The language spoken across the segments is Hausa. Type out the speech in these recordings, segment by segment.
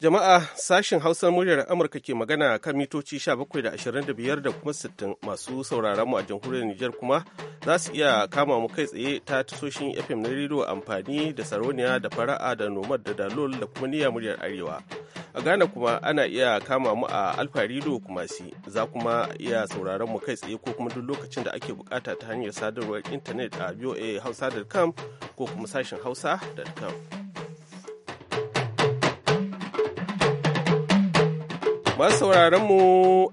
Jama'a sashen Hausar muryar Amurka ke magana kan mitoci 17.25 da kuma 60 masu sauraron mu a jamhuriyar Nijar kuma za su iya kama mu kai tsaye ta tasoshin FM na rediyo amfani da Saroniya da Fara'a da Nomad da Dalol da kuma Niyya muryar Arewa. A Ghana kuma ana iya kama mu a Alfa Rido kuma si za kuma iya sauraron mu kai tsaye ko kuma duk lokacin da ake bukata ta hanyar sadarwar intanet a voahausa.com ko kuma sashen hausa.com. Masu sauraron mu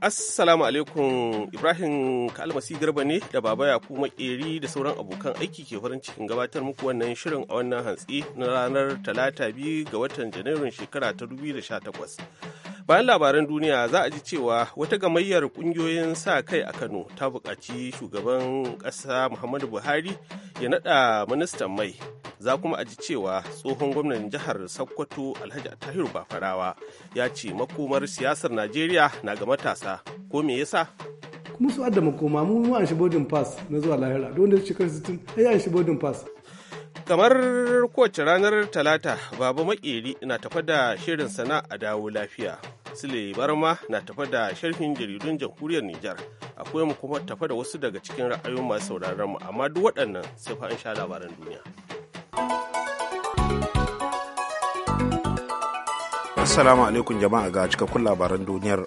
Assalamu alaikum Ibrahim Kalmasi Garba ne da Baba kuma eri da sauran abokan aiki ke farin cikin gabatar muku wannan shirin a wannan hantsi na ranar talata biyu ga watan Janairun shekara ta 2018. Bayan labaran duniya za a ji cewa wata gamayyar kungiyoyin sa kai a Kano ta buƙaci shugaban ƙasa Muhammadu Buhari ya naɗa ministan mai za kuma a ji cewa tsohon gwamnan jihar sokoto alhaji tahiru bafarawa ya ce makomar siyasar najeriya na ga matasa ko me yasa kuma su adda makoma mu an shi Bodin pass na zuwa lahira don da shekaru 60 ai an shi Bodin pass kamar kowace ranar talata baba makeri na tafa da shirin sana a dawo lafiya sule barma na tafa da sharhin jaridun jamhuriyar nijar akwai mu kuma tafa da wasu daga cikin ra'ayoyin masu sauraron mu amma duk waɗannan sai fa in sha labaran duniya Assalamu alaikum jama'a ga cikakkun labaran duniyar.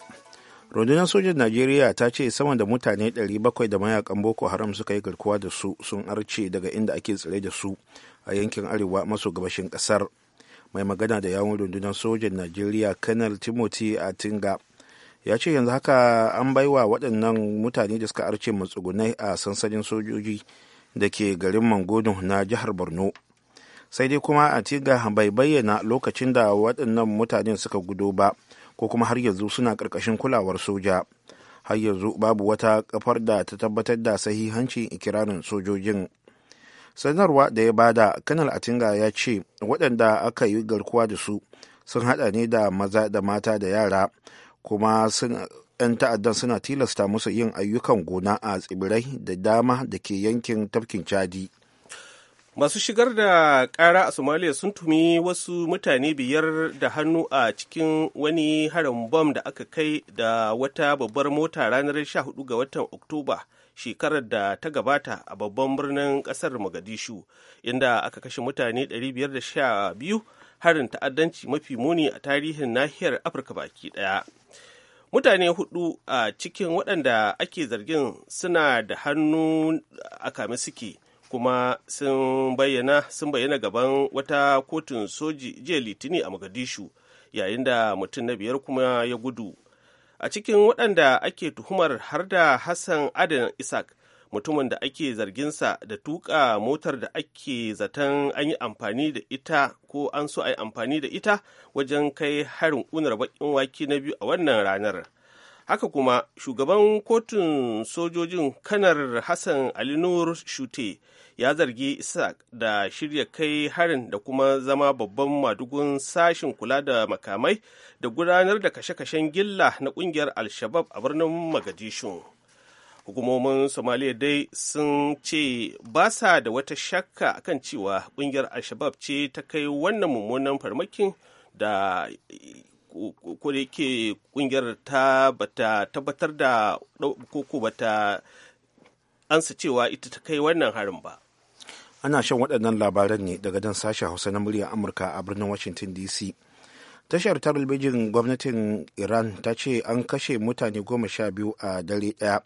Rundunar sojan Najeriya ta ce sama da mutane 700 da mayakan Boko Haram suka yi garkuwa da su sun arce daga inda ake tsire da su a yankin arewa maso gabashin kasar. Mai magana da yawon rundunar sojan Najeriya Kanal Timothy Atinga ya ce yanzu haka an baiwa waɗannan mutane da suka arce matsugunai a sansanin sojoji da ke garin Mangodun na jihar Borno sai dai kuma a tiga bai bayyana lokacin da waɗannan mutanen suka gudo ba ko kuma har yanzu suna ƙarƙashin kulawar soja har yanzu babu wata kafar da ta tabbatar da sahihancin ikirarin sojojin sanarwa da ya bada kanal atinga ya ce waɗanda aka yi garkuwa da su sun haɗa ne da maza da mata da yara kuma 'yan ta'addan suna tilasta musu yin ayyukan gona a tsibirai da dama da ke yankin tafkin chadi masu shigar da kara a Somalia sun tumi wasu mutane biyar da hannu a cikin wani harin bom da aka kai da wata babbar mota ranar 14 ga watan oktoba shekarar da ta gabata a babban birnin kasar mogadishu inda aka kashe mutane 512 harin ta'addanci mafi muni a tarihin nahiyar afirka baki ɗaya mutane hudu a cikin waɗanda ake zargin suna da hannu a kame suke kuma sun bayyana sun bayyana gaban wata kotun soji jiya litini a mogadishu yayin da mutum na biyar kuma ya gudu a cikin waɗanda ake tuhumar har da hassan adan isaac mutumin da ake zarginsa da tuka motar da ake zaton an yi amfani da ita ko an so a yi amfani da ita wajen kai harin unar bakin wake na biyu a wannan ranar haka kuma shugaban kotun sojojin kanar hassan ali nur shute ya zargi isaac da shirya kai harin da kuma zama babban madugun sashin kula da makamai da gudanar da kashe-kashen gilla na kungiyar alshabab a birnin magadishu hukumomin somaliya dai sun ce ba sa da wata shakka akan cewa kungiyar alshabab ce ta kai wannan mummunan farmakin da ko da yake kungiyar ta bata tabbatar da koko bata ansa cewa ita ta kai wannan harin ba ana shan waɗannan labaran ne daga dan sashen hausa na murya amurka a birnin washington dc tashar talabijin gwamnatin iran ta ce an kashe mutane goma sha biyu a dare ɗaya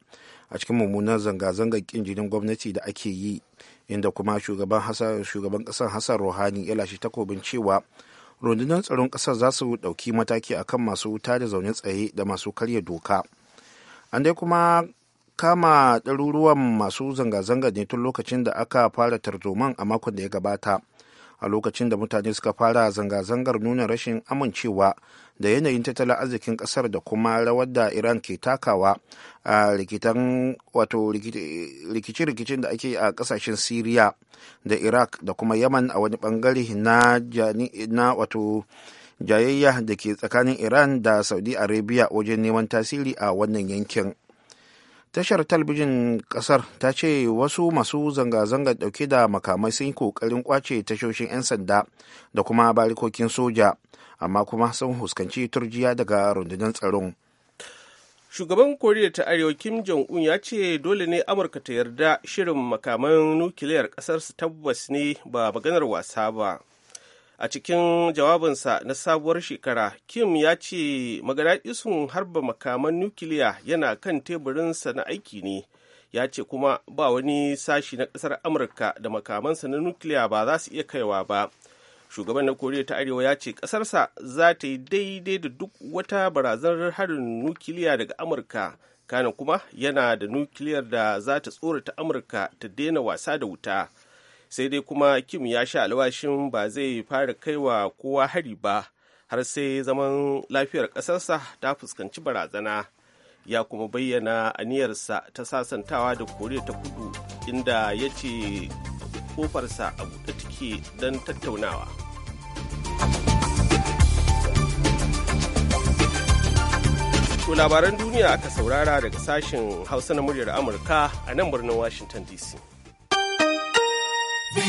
a cikin mummunan zanga-zangar kin jinin gwamnati da ake yi inda kuma shugaban ƙasar hassan rohani ya lashe takobin cewa rundunar tsaron ƙasar za su ɗauki mataki akan masu wuta da zaune tsaye da masu karya doka an dai kuma kama ɗaruruwan masu zanga-zanga ne tun lokacin da aka fara tarzoman a makon da ya gabata a lokacin da mutane suka fara zanga-zangar nuna rashin amincewa da yanayin tattalin arzikin kasar da kuma rawar da iran ke takawa a rikice-rikicin da ake a kasashen syria da iraq da kuma yaman a wani bangare na wato jayayya da ke tsakanin iran da saudi arabia wajen neman tasiri a wannan yankin tashar talbijin kasar ta ce wasu masu zanga-zangar dauke da makamai sun yi kokarin kwace tashoshin 'yan sanda da kuma barikokin soja amma kuma sun huskanci turjiya daga rundunar tsaron shugaban koriya ta arewa kim jong-un ya ce dole ne amurka ta yarda shirin makaman nukiliyar kasar su tabbas ne ba maganar wasa ba a cikin jawabinsa na sabuwar shekara kim ya ce magadaɗisun harba makaman nukiliya yana kan teburinsa na aiki ne ya ce kuma ba wani sashi na ƙasar amurka da makamansa na nukiliya ba za su iya kaiwa ba shugaban na koriya ta arewa ya ce ƙasarsa za ta yi daidai da duk wata barazanar harin nukiliya daga amurka kana kuma yana da nukiliyar da za ta tsorata amurka ta daina wasa da wuta sai dai kuma kim ya sha alwashin ba zai fara kai wa kowa hari ba har sai zaman lafiyar ƙasarsa ta fuskanci barazana ya kuma bayyana aniyarsa ta sasantawa da koriya ta kudu inda ya ce kofarsa a buɗe take don tattaunawa To labaran duniya aka saurara daga sashen hausa na muryar amurka a nan birnin washington dc To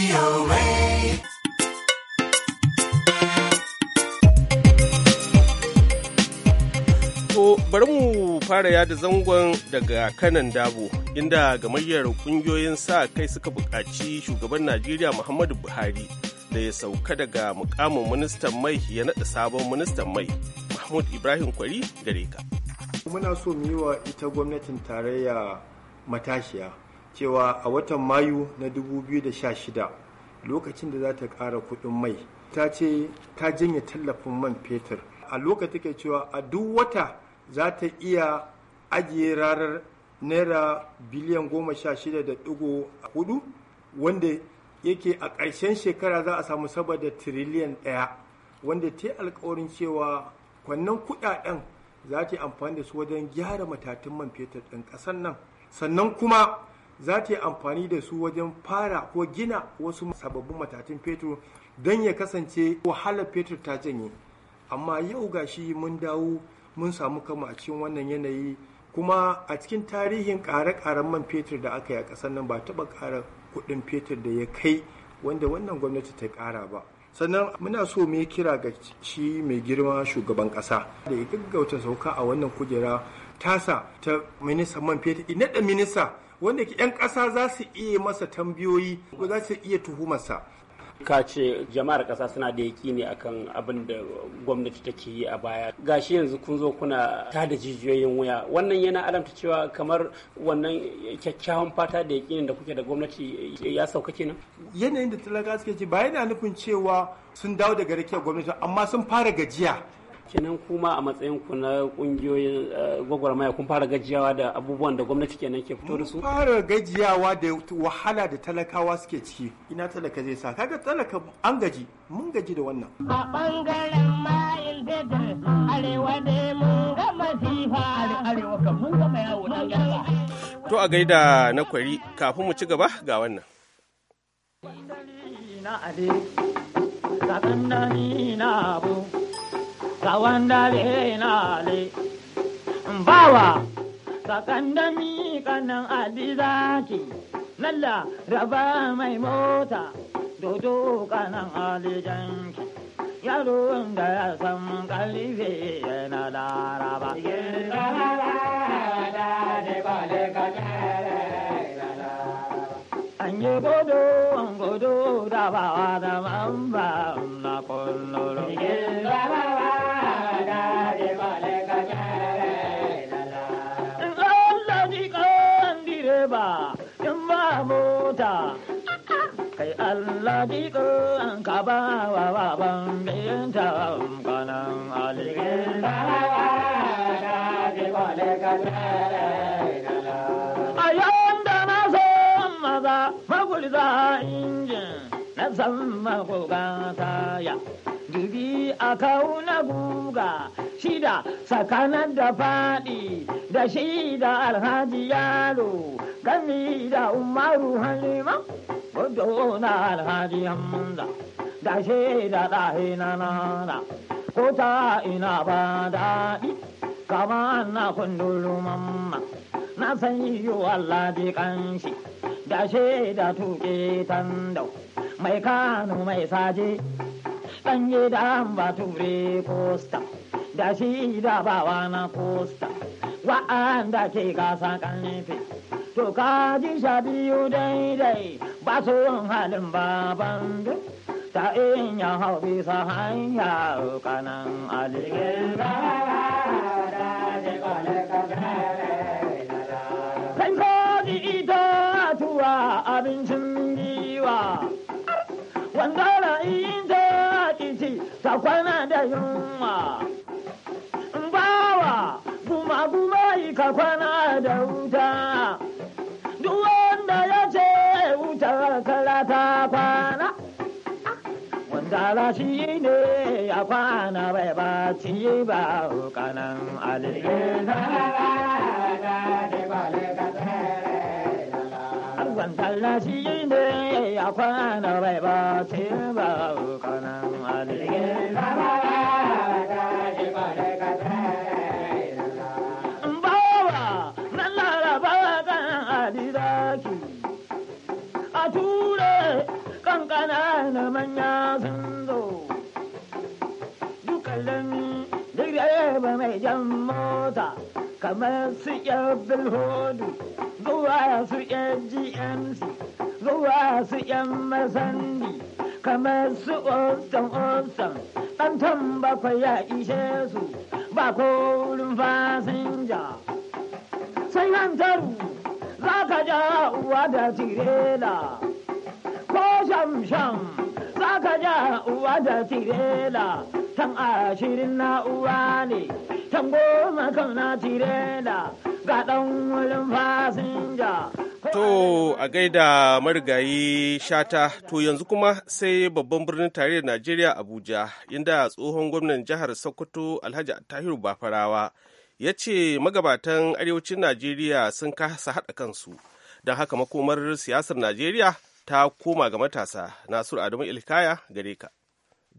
bari mu fara yada zangon daga kanan dabo inda gamayyar kungiyoyin sa kai suka buƙaci shugaban Najeriya Muhammadu Buhari da ya sauka daga mukamin ministan mai ya naɗa sabon ministan mai Mahmud Ibrahim Kwari gare ka. Muna so mu yi wa ita gwamnatin tarayya matashiya cewa a watan mayu na 2016 lokacin da za ta ƙara kuɗin mai ta ce ta janye tallafin man fetur a lokacin ke cewa a duk wata za ta iya ajiye ranar naira biliyan goma sha shida da ɗigo hudu wanda yake a ƙarshen shekara za a samu saboda tiriliyan ɗaya wanda ta alkawarin cewa kwannan kuɗaɗen za ta yi amfani da su wajen gyara matatun man fetur ɗin ƙasar nan sannan kuma za ta yi amfani da su wajen fara ko gina wasu sababbin matatun fetur don ya kasance wahalar fetur ta janye amma yau gashi mun dawo mun samu kama a cikin wannan yanayi kuma a cikin tarihin ƙare-ƙaren man fetur da aka yi a ƙasar nan ba taɓa ƙara kuɗin fetur da ya kai wanda wannan gwamnati ta ƙara ba sannan muna so mu kira ga shi mai girma shugaban ƙasa da ya gaggauta sauka a wannan kujera tasa ta minista man fetur ina minista wanda 'yan ƙasa za su iya masa tambayoyi ko za su iya tuhumarsa ka ce jama'ar ƙasa suna da yaƙi ne akan abin da gwamnati take yi a baya gashi yanzu kun zo kuna ta da jijiyoyin wuya wannan yana alamta cewa kamar wannan kyakkyawan fata da yaƙi da kuke da gwamnati ya sauka kenan yanayin da talaka suke ce ba yana nufin cewa sun dawo daga rikiyar gwamnati amma sun fara gajiya kenan kuma a matsayin ku na kungiyoyin eh, gwagwarmaya kun fara gajiyawa da abubuwan da gwamnati kenan ke fito da su fara gajiyawa da wahala da talakawa suke ciki ina talaka zai sa kaga talaka an gaji mun gaji da wannan a bangaren mayin daga arewa ne mun ga masifa arewa kan mun gama mai yawo gaba to a gaida na kwari kafin mu ci gaba ga wannan na ade na abu kawandare nale bawa sakandami kanan alizaki nalla raba mai mota dodo kanan alijanki yaron da ya san kalife yana laraba an godo an godo da bawa da mamba na kullum mota kai Allah an ka ba wa baban ta kanan alikin da a yawan da na so maza magulza injin na zama ta ya Jibi a kauna guga shida tsakanin da faɗi da shi da alhaji yaro gami da umaru halima gudu na alhaji hamza da shi da ɗahe na nana ko ta ina ba daɗi kama na kundulu mamma na san yi yi Allah ji kanshi da shi da tuƙe mai kano mai saje sanye da bature posta da shi da bawa na posta wa'anda ke gasa kanife to ka ji sha biyu daidai ba su halin baban duk ta iya hau bisa hanya kanan aligin ko ita tuwa abincin giwa wanda ta kwana da yunwa bawa kuma kuma yi ka kwana da wuta duk wanda ya ce wuta kala ta kwana Dala shi ne ya kwana bai ba ci ba kanan alilin. ban kalla shi ne ya kwana bai ba ce ba kanan alike bawa na laraba kan alidaki a ture kankana na manya sun zo dukkanin direba mai jan mota kamar su yabin hudu zuwa su yan zuwa su yan masandi kamar su ostan ostan tamba kwa ya ishe su ba kowurin fasinja sai hantar za ka ja uwa da tirela ko sham-sham za ka ja uwa da tirela tan ashirin na uwa ne tan goma kan na tirela ga ɗan wurin fasinja. To a gaida marigayi shata to yanzu kuma sai babban birnin tarayyar Najeriya Abuja inda tsohon gwamnan jihar Sokoto Alhaji Tahiru Bafarawa ya ce magabatan arewacin Najeriya sun kasa haɗa kansu don haka makomar siyasar Najeriya ta koma ga matasa Nasiru Adamu Ilkaya gare ka.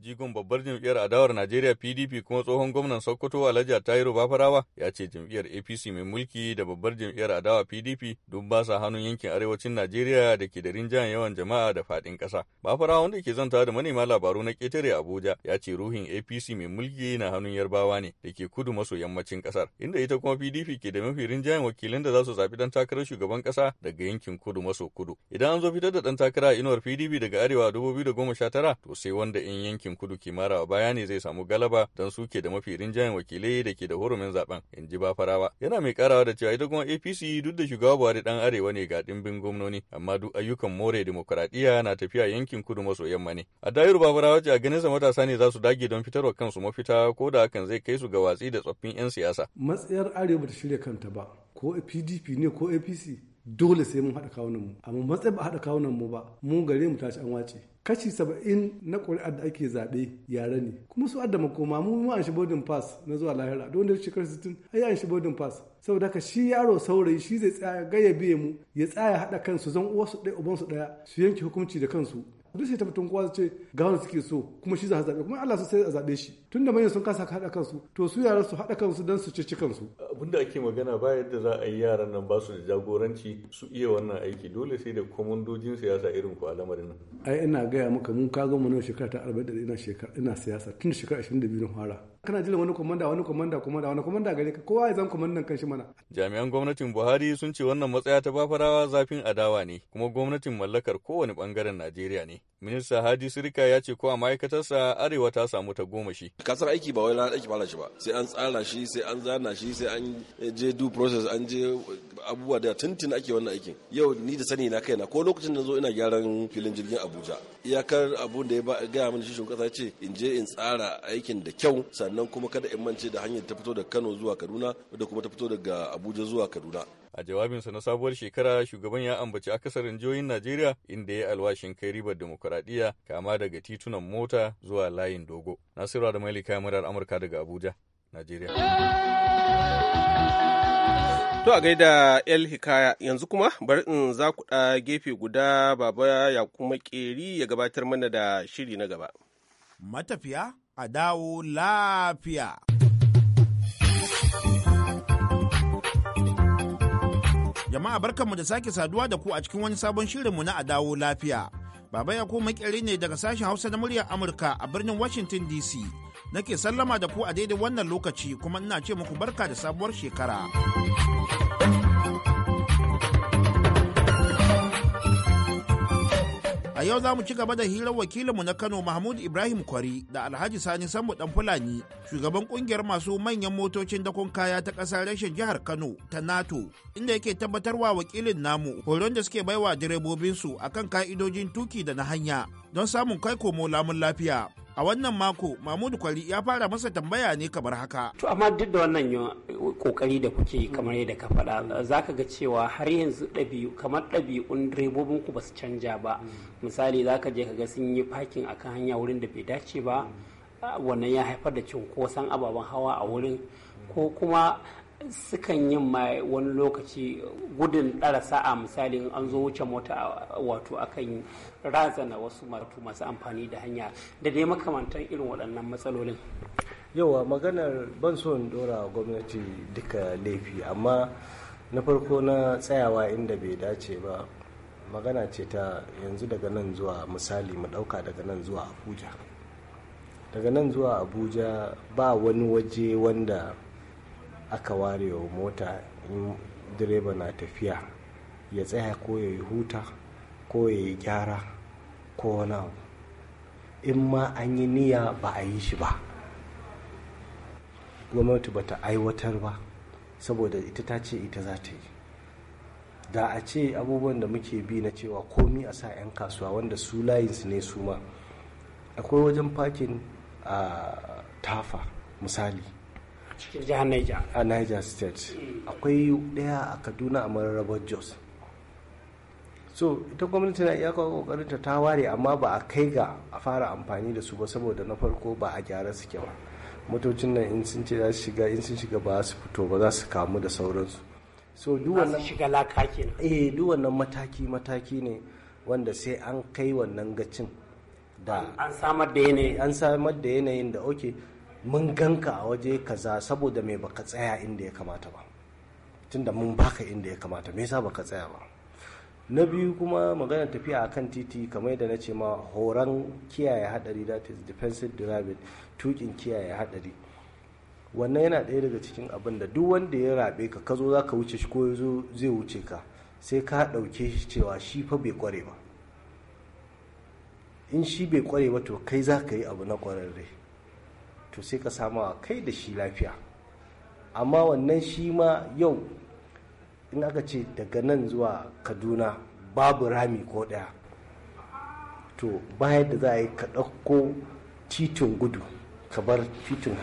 jigon babbar jam'iyyar adawar Najeriya PDP kuma tsohon gwamnan Sokoto Alhaji Tayiru Bafarawa ya ce jam'iyyar APC mai mulki da babbar jam'iyyar adawa PDP duk ba sa hannun yankin arewacin Najeriya da ke da rinjayen yawan jama'a da faɗin kasa Bafarawa wanda ke zanta da manema labaru na ketare Abuja ya ce ruhin APC mai mulki na hannun Yarbawa ne da ke kudu maso yammacin ƙasar inda ita kuma PDP ke da mafi rinjayen wakilan da za su zaɓi dan takarar shugaban ƙasa daga yankin kudu maso kudu. Idan an zo fitar da dan takara inuwar PDP daga arewa 2019 to sai wanda in yankin yankin kudu kimara baya ne zai samu galaba don su ke da mafi rinjayen wakilai da ke da hurumin zaben in ji bafarawa yana mai karawa da cewa ita kuma apc duk da shugaba buhari dan arewa ne ga dimbin gwamnoni amma duk ayyukan more demokuraɗiyya na tafiya yankin kudu maso yamma ne a dayar bafarawa ce a ganin sa matasa ne za su dage don fitarwa kansu mafita ko da hakan zai kai su ga watsi da tsoffin 'yan siyasa matsayar arewa ta shirya kanta ba ko pdp ne ko apc dole sai mun haɗa kawunan mu amma matsayin ba haɗa kawunan mu ba mu gare mu tashi an wace kashi saba'in na ƙuri'a da ake zaɓe yare ne kuma su adda makoma mu mu an shi boarding pass na zuwa lahira don da shekaru sittin ai an shi boarding pass saboda haka shi yaro saurayi shi zai tsaya gaya biye mu ya tsaya haɗa kansu zan uwarsu ɗaya ubansu ɗaya su yanke hukunci da kansu duk sai ta mutum kowa ce ga wani suke so kuma shi za a zaɓe kuma Allah sai a zaɓe shi tunda manyan sun kasa haɗa kansu to su yaran su haɗa kansu don su cici kansu abinda ake magana ba yadda za a yi yaran nan ba su da jagoranci su iya wannan aiki dole sai da komandojin siyasa irin ku a lamarin nan ai ina gaya maka mun ka mu nan shekara ta 40 ina shekara ina siyasa tun shekara 22 na fara kana jira wani komanda wani komanda komanda wani komanda gare ka kowa ya zan komandan kanshi mana jami'an gwamnatin Buhari sun ce wannan matsaya ta bafarawa zafin adawa ne kuma gwamnatin mallakar kowane bangaren Najeriya ne Minista Hadi Sirika ya ce ko a ma'aikatarsa Arewa ta samu ta goma shi. Kasar aiki ba wai lalata aiki ba shi ba. Sai an tsara shi, sai an zana shi, sai an je due process, an je abubuwa da tuntun ake wannan aikin. Yau ni da sani na kai kaina ko lokacin da zo ina gyaran filin jirgin Abuja. Iyakar abun da ya gaya mini shi kasa ce in je in tsara aikin da kyau sannan kuma kada in mance da hanyar ta fito da Kano zuwa Kaduna da kuma ta fito daga Abuja zuwa Kaduna. A jawabinsa na sabuwar shekara shugaban ya ambaci akasarin jihohin Najeriya inda ya alwashin kai ribar demokuraɗiyya kama daga titunan mota zuwa layin dogo. Nasiru da Malika murar Amurka daga Abuja, Najeriya. To a gaida El Hikaya yanzu kuma bari in za ku gefe guda baba ya kuma ƙeri ya gabatar mana da shiri na gaba. Matafiya a dawo lafiya. Jama'a barkanmu da sake saduwa da ku a cikin wani sabon shirin mu na a dawo lafiya. Baba ya ko makere ne daga sashen Hausa na muryar Amurka a birnin Washington DC. Nake sallama da ku a daidai wannan lokaci kuma ina ce muku barka da sabuwar shekara. A yau za mu ci gaba da hirar wakilinmu na Kano Mahmud Ibrahim Kwari da Alhaji Sani Sambo Dan Fulani, shugaban kungiyar masu manyan motocin dakon kaya ta ƙasar rashin jihar Kano ta NATO, inda yake tabbatarwa wakilin namu horon da suke baiwa direbobinsu akan ka'idojin tuki da na hanya don samun kai komo lamun lafiya. a wannan mako mamudu kwari ya fara masa tambaya ne kamar haka to amma duk da wannan kokari da kuke kamar yadda ka faɗa ka ga cewa har yanzu ɗabi'u kamar ɗabi'un direbobin ku su canja ba misali za ka je ka ga sun yi a akan hanya wurin da bai dace ba wannan ya haifar da cunkoson ababen hawa a wurin ko kuma sukan yi ma wani lokaci gudun ɗara sa'a misali an zo wuce mota wato akan razana wasu masu amfani da hanya da dai makamantan irin waɗannan matsalolin yawa maganar ban son dora gwamnati duka laifi amma na farko na tsayawa inda bai dace ba magana ce ta yanzu daga nan zuwa misali mu ɗauka daga nan zuwa abuja daga nan zuwa abuja ba wani waje wanda aka ware wa mota in direba na tafiya ya tsaya ko ya yi huta ko ya yi gyara ko wani abu in ma an yi niyya ba a yi shi ba gwamnati ba ta aiwatar ba saboda ita ta ce ita za ta yi da a ce abubuwan da muke bi na cewa komi a sa 'yan kasuwa wanda su layinsu ne su ma akwai wajen fakin a tafa misali jihar Niger. A Niger State. Mm. Akwai daya a Kaduna a mararrabar Jos. So ita gwamnati na iya kokarin ta ta ware amma ba a kai ga a fara amfani da su ba saboda na farko ba a gyara suke ba. Motocin nan in sun ce za su shiga in sun shiga ba su fito ba za su kamu da sauransu. So duwannan shiga laka Eh mataki mataki ne wanda sai an kai wannan gacin da an samar da yanayi an samar da yanayin da oke okay, mun ganka a waje kaza saboda me baka tsaya inda ya kamata ba tunda mun baka inda ya kamata me yasa baka tsaya ba na biyu kuma magana tafiya a kan titi kamar yadda na ce ma horon kiyaye hadari that is defensive driving tukin kiyaye hadari wannan yana ɗaya daga cikin abin da duk wanda ya rabe ka kazo zo za ka wuce shi ko zo zai wuce ka sai ka ɗauke shi cewa shi fa bai kware ba in shi bai kware ba to kai za ka yi abu na kwararre to sai ka sama kai da shi lafiya amma wannan shi ma yau in aka ce daga nan zuwa kaduna babu rami ko ɗaya to bayan da za a yi ka ɗauko titin gudu ka bar titin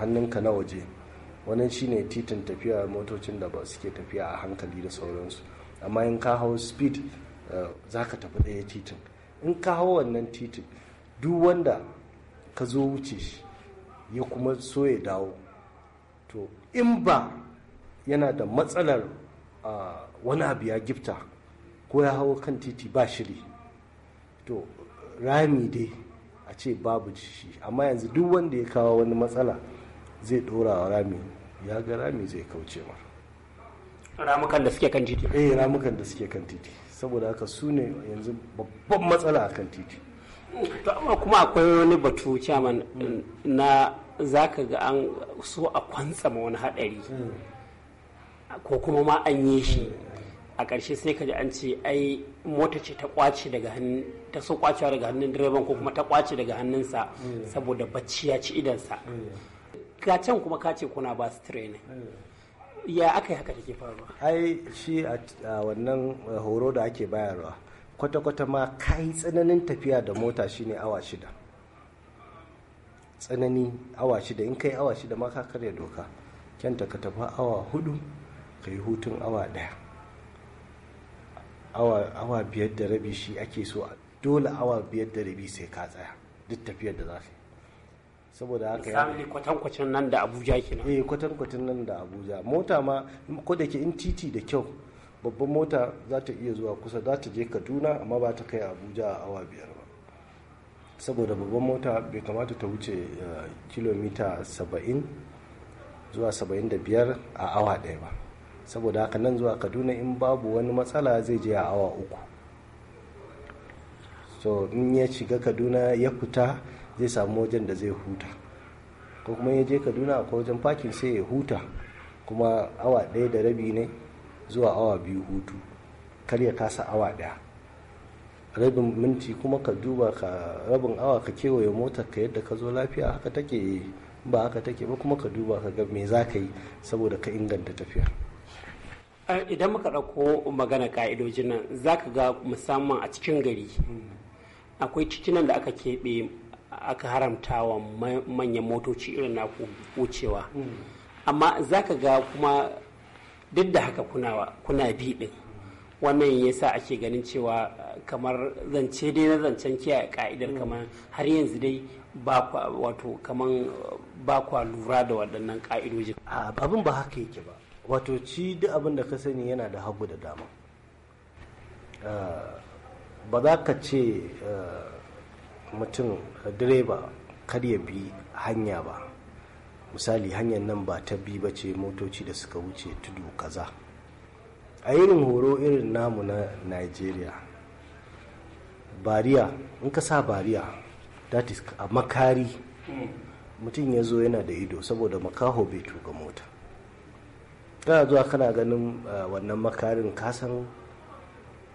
hannunka na waje wannan shine titin tafiya motocin da ba suke tafiya a hankali da sauransu amma in ka hau speed eh, za ka tafi ɗaya titin in ka hau wannan titin duk wanda ka zo wuce shi ya kuma so ya dawo to in ba yana da matsalar wani abu ya gifta ko ya hawa kan titi ba shiri to rami dai a ce babu shi amma yanzu duk wanda ya kawo wani matsala zai dora wa rami ya ga rami zai kauce mar ramukan da suke kan titi eh ramukan da suke kan titi saboda haka su ne yanzu babban matsala a kan titi to amma kuma akwai wani batu chairman mm. na za ka ga an so a kwantsama wani haɗari ko kuma ma an yi shi a ƙarshe sai ka ji an ce ai mota ce ta kwace daga hannun ta so kwacewa daga hannun direban ko kuma ta kwace daga hannunsa saboda bacci ya ci idansa ka can kuma ka ce kuna ba su training ya aka yi haka take faruwa ai shi a wannan eh, horo da ake bayarwa kwata-kwata ma kai tsananin tafiya da mota shine awa shida tsanani awa shida in kai awa shida ma ka karya doka kyanta ka tafi awa hudu ka yi hutun awa daya awa biyar da rabi shi ake so dole awa biyar da rabi sai ka tsaya duk tafiyar da za ka yi saboda haka ya ne kwatankwacin nan da abuja kenan eh kwatankwacin nan da abuja mota ma ko da ke in titi da kyau babban mota za ta iya zuwa kusa za ta je kaduna amma ba ta kai abuja a awa biyar saboda babban mota bai kamata ta wuce eh, kilomita 70 zuwa 75 a awa ɗaya ba saboda haka nan zuwa kaduna in babu wani matsala zai je a awa uku so in ya shiga kaduna ya fita zai samu wajen da zai huta ko kuma ya je kaduna akwai wajen fakin sai ya huta kuma awa ɗaya da rabi ne zuwa awa biyu hutu kar ya kasa awa ɗaya rabin minti kuma ka duba ka rabin awa ka kewaye motar ka yadda ka zo lafiya haka take ba haka take ba kuma ka duba ka ga me za ka yi saboda ka inganta tafiya eh, idan muka ɗauko magana ka'idojin nan za ka ga musamman a cikin gari akwai titunan da aka keɓe aka haramta wa manyan motoci irin na wucewa mm. amma za ka ga kuma duk da haka kuna bi ɗin wannan ya sa ake ganin cewa eh, kamar zance dai na zancen kiyaye ka'idar mm. kamar har yanzu dai wato kamar eh, ba kwa lura da waɗannan ƙa'idoji abin ba haka yake ba wato ci duk abin da ka sani yana da hagu da dama eh, ba za ka ce mutum direba kar ya bi hanya ba misali hanyar nan ba ta bi ba ce motoci da suka wuce tudu kaza a irin horo irin namu na nigeria bariya in ka sa bariya that a makari mutum ya zo yana da ido saboda makaho bai tuka mota kana zuwa kana ganin eh, wannan makarin kasan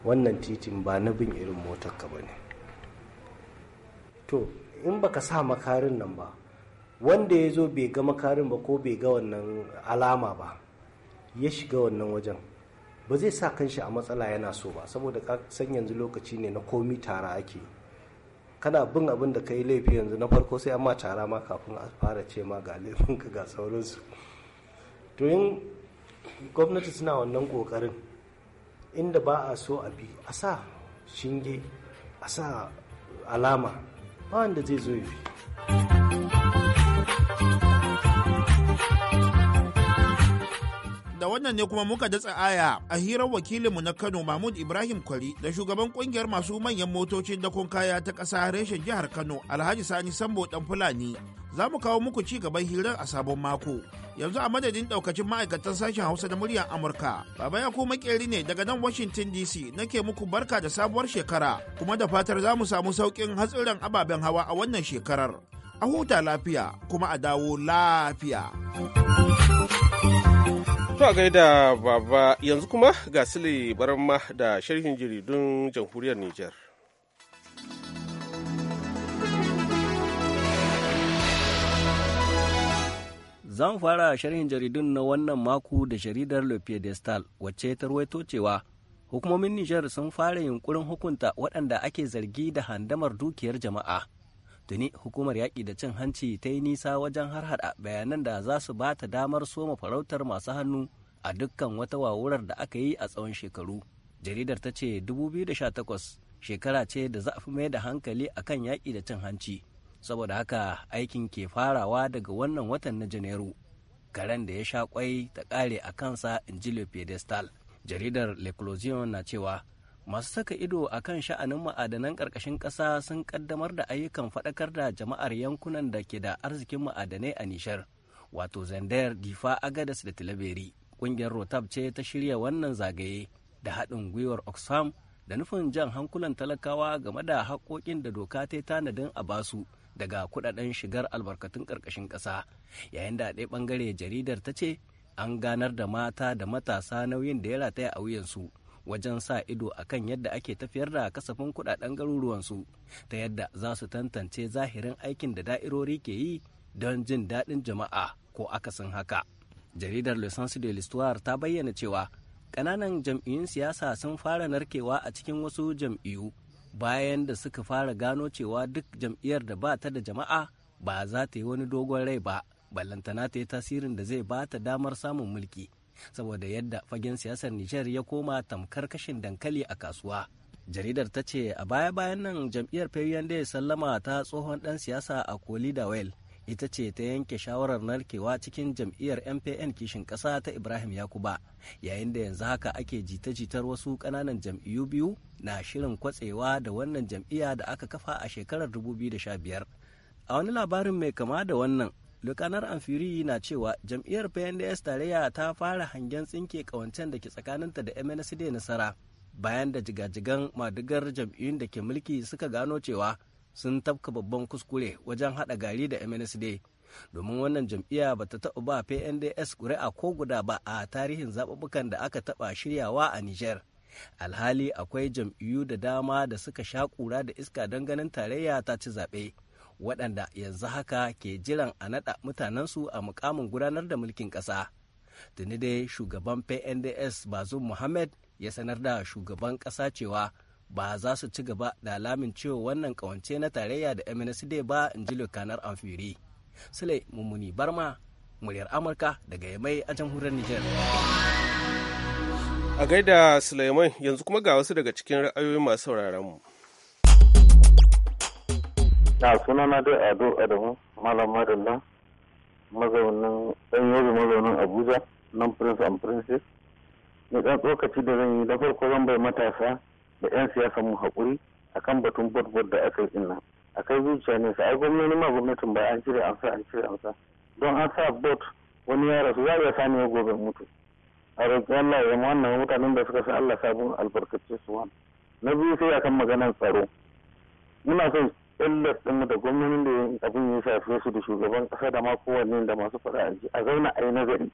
wannan titin ba na bin irin motar ka ba ne to in baka sa makarin nan ba wanda ya zo bai ga makarin ba ko bai ga wannan alama ba ya shiga wannan wajen ba zai sa kanshi a matsala yana so ba saboda kasan san yanzu lokaci ne na komi tara ake kana bin abin da ka yi laifi yanzu na farko sai amma tara ma kafin a fara ce ma ga laifinka ga sauransu to yin gwamnati suna wannan kokarin inda ba a so a bi a sa shinge a sa alama ba wanda zai zo ya bi da wannan ne kuma muka datsa aya a hirar wakilinmu na Kano Mahmud Ibrahim Kwari da shugaban kungiyar masu manyan motocin dakon kaya ta ƙasa reshen jihar Kano Alhaji Sani Sambo dan Fulani. Za mu kawo muku ci gaban hirar a sabon mako. Yanzu a madadin daukacin ma'aikatan sashen Hausa da muryar Amurka. Baba ya kuma makeri ne daga nan Washington DC nake muku barka da sabuwar shekara kuma da fatar za mu samu sauƙin hatsuran ababen hawa a wannan shekarar. A huta lafiya kuma a dawo lafiya. To a gaida baba yanzu kuma ga sile ma da sharhin jaridun jamhuriyar Nijar. Zan fara sharhin jaridun na wannan mako da jaridar Le Piedestal wacce ta ruwaito cewa hukumomin Nijar sun fara yunkurin hukunta waɗanda ake zargi da handamar dukiyar jama'a. tuni hukumar yaƙi da cin hanci ta yi nisa wajen harhaɗa bayanan da za su ba ta damar soma farautar masu hannu a dukkan wata wawurar da aka yi a tsawon shekaru jaridar ta ce 2018 shekara ce da za a fi mai da hankali a kan yaƙi da cin hanci saboda haka aikin ke farawa daga wannan watan na janairu karen da ya sha kwai ta ƙare a kansa in ji pedestal jaridar le na cewa masu saka ido a kan sha'anin ma'adanan ƙarƙashin ƙasa sun ƙaddamar da ayyukan faɗakar da jama'ar yankunan da ke da arzikin ma'adanai a nishar wato zandayar difa agadas da tilaberi ƙungiyar rotab ce ta shirya wannan zagaye da haɗin gwiwar oxfam da nufin jan hankulan talakawa game da haƙoƙin da doka ta tanadin a basu daga kuɗaɗen shigar albarkatun ƙarƙashin ƙasa yayin da ɗaya ɓangare jaridar ta ce an ganar da mata da matasa nauyin da ya rataya a wuyansu wajen sa ido a kan yadda ake tafiyar da kasafin kudaden garuruwansu ta yadda za su tantance zahirin aikin da da'irori ke yi don jin daɗin jama'a ko akasin haka jaridar lissansu de l'histoire ta bayyana cewa ƙananan jam'iyyun siyasa sun fara narkewa a cikin wasu jam'iyyu bayan da suka fara gano cewa duk jam'iyyar da ba ta da jama'a ba za ta yi wani dogon rai ba ballantana ta yi tasirin da zai ba ta damar samun mulki saboda yadda fagen siyasar Nijar ya koma tamkar kashin dankali a kasuwa. Jaridar ta ce a baya-bayan nan jam'iyyar da sallama ta tsohon ɗan siyasa a Koli Dawel ita ce ta yanke shawarar narkewa cikin jam'iyyar MPN kishin ƙasa ta Ibrahim Yakuba yayin da yanzu haka ake jita-jitar wasu ƙananan jam'iyyu biyu na shirin kwatsewa da wannan jam'iyya da aka kafa a shekarar 2015. a wani labarin mai kama da wannan lukanar amfiri na cewa jam'iyyar pnds tarayya ta fara hangen tsinke kawancen da ke tsakaninta da mnsd nasara bayan da jigajigan madugar jam'iyyun da ke mulki suka gano cewa sun tafka babban kuskure wajen haɗa gari da mnsd domin wannan jam'iyya ba ta taɓa ba pnds kuri'a ko guda ba a tarihin zaɓuɓɓukan da aka taɓa shiryawa a niger alhali akwai jam'iyyu da dama da suka sha ƙura da iska don ganin tarayya ta ci zaɓe waɗanda yanzu haka ke jiran a naɗa mutanensu a mukamin gudanar da mulkin ƙasa. Tuni dai shugaban PNDS Bazoum Mohammed ya sanar da shugaban ƙasa cewa ba za su ci gaba da lamin cewa wannan ƙawance na tarayya da MNSD ba in ji lokanar amfiri. Sule Mummuni Barma, muryar Amurka daga Yamai a jamhuriyar Nijar. A gaida Sulaiman yanzu kuma ga wasu daga cikin ra'ayoyin masu sauraron mu. na suna na dai ado adamu malam madalla mazaunin dan yobe mazaunin abuja nan prince and princess ne dan tsokaci da zan yi da farko zan bai matasa da yan siyasa mu haƙuri akan batun bot da aka yi nan akai zuciya ne sai gwamnati ma gwamnatin ba an cire amsa an cire amsa don an sa bot wani ya rasu za sa sani ya gobe mutu a roƙi Allah ya wannan mutanen da suka san Allah sabon albarkace su wani na biyu sai akan maganar tsaro muna son illa ɗin da gwamnonin da abin ya shafe su da shugaban ƙasa da ma kowanne da masu faɗa a zauna a yi nazari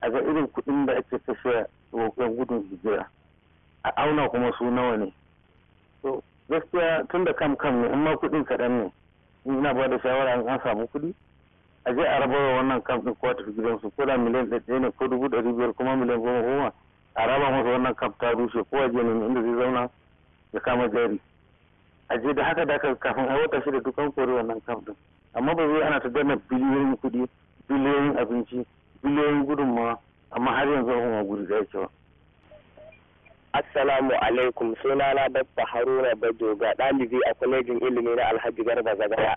a ga irin kuɗin da ake kashe yan gudun hijira a auna kuma su nawa ne to gaskiya tun da kam kam ne amma kuɗin kaɗan ne ina ba da shawara an samu kuɗi a je a rabawa wannan kam ɗin ta gidan gidansu ko da miliyan ɗaya ne ko dubu ɗari biyar kuma miliyan goma goma a raba masa wannan kam ta rushe a je ne inda zai zauna ya kama jari a je da haka da aka kafin a wata shi da dukan kori wannan kam din amma ba zai ana ta dana biliyoyin kuɗi biliyoyin abinci biliyoyin gudunmawa amma har yanzu kuma guri ga yake ba. Assalamu alaikum sunana Dr. Haruna Bajoga ɗalibi a kwalejin ilimi na Alhaji Garba Zagaya.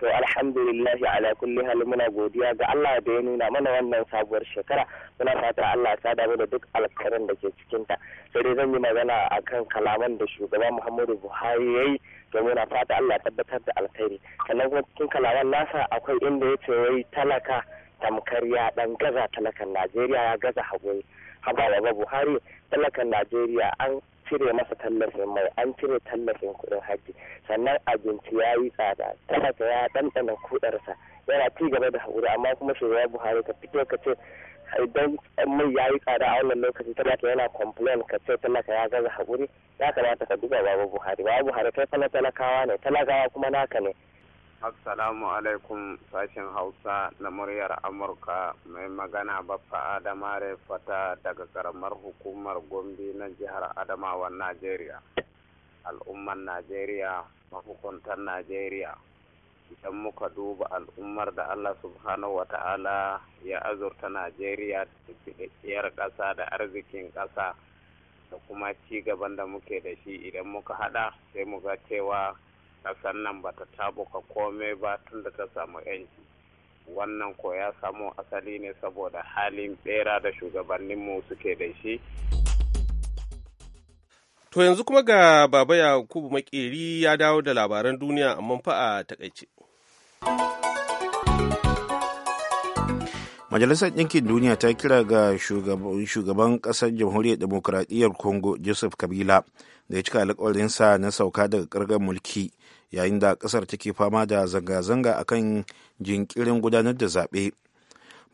to alhamdulillah ala kulli hal muna godiya ga Allah da ya nuna mana wannan sabuwar shekara muna fata Allah ya sada mu da duk alkhairin da ke cikin ta sai dai zan yi magana akan kalaman da shugaban Muhammadu Buhari yayi to muna fata Allah ya tabbatar da alkhairi sannan kuma cikin kalaman nasa akwai inda ya ce wai talaka tamkar ya dan gaza talakan Najeriya ya gaza hagoyi haba da Buhari talakan Najeriya an cire masa tallafin mai an cire tallafin kuɗin hajji sannan abinci ya yi tsada talaka ya ɗanɗana kuɗarsa yana ci gaba da haƙuri amma kuma shugaba buhari ka fito ka ce idan mai ya yi tsada a wannan lokaci talaka yana complain ka ce talaka ya gaza haƙuri ya kamata ka duba babu buhari babu buhari kai na talakawa ne talakawa kuma naka ne Assalamu alaikum sashen Hausa na muryar Amurka mai magana Baffa Adamare Fata daga karamar hukumar Gombe na jihar Adamawa Najeriya. Al'umman Najeriya, mahukuntan Najeriya. Idan muka duba al'ummar da Allah subhanahu wa ta'ala ya azurta Najeriya da ƙasa da arzikin ƙasa da kuma ci gaban da muke da shi idan muka haɗa sai muga cewa kasan nan ba ta tabuka komai ba tun da ta samu yanci wannan ko ya samo asali ne saboda halin bera da shugabanninmu suke da shi to yanzu kuma ga baba yakubu makeri ya dawo da labaran duniya amma fa a takaice. majalisar ɗinkin duniya ta kira ga shugaban ƙasar jamhuriyar demokuraɗiyyar congo joseph kabila da ya cika alkawarinsa na sauka daga ƙargar mulki yayin da ƙasar take fama da zanga-zanga akan jinkirin gudanar da zaɓe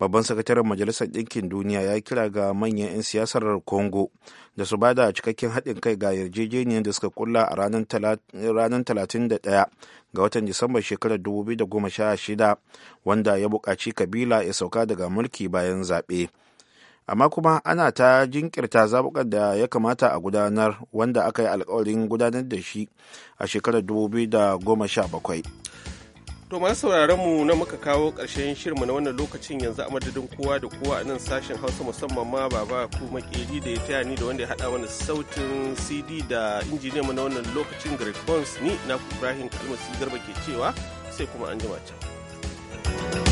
babban sakataren majalisar ɗinkin duniya ya kira ga manyan 'yan siyasar congo da su bada cikakken haɗin kai ga yarjejeniyar da suka kulla a ranar 31 ga watan disambar shekarar 2016 wanda ya buƙaci kabila ya sauka daga mulki bayan zaɓe amma kuma ana ta jinkirta zaɓuɓɓar da ya kamata a gudanar wanda aka yi alkawarin gudanar da shi a shekarar 2017 To masu sauraron mu na muka kawo ƙarshen shirmu na wannan lokacin yanzu a madadin kowa da kowa a nan sashen Hausa musamman ma baba ku makeri da ya taya ni da wanda ya haɗa mana sautin CD da injiniya mu na wannan lokacin Greg Bones ni na Ibrahim Kalmasi Garba ke cewa sai kuma an jima can.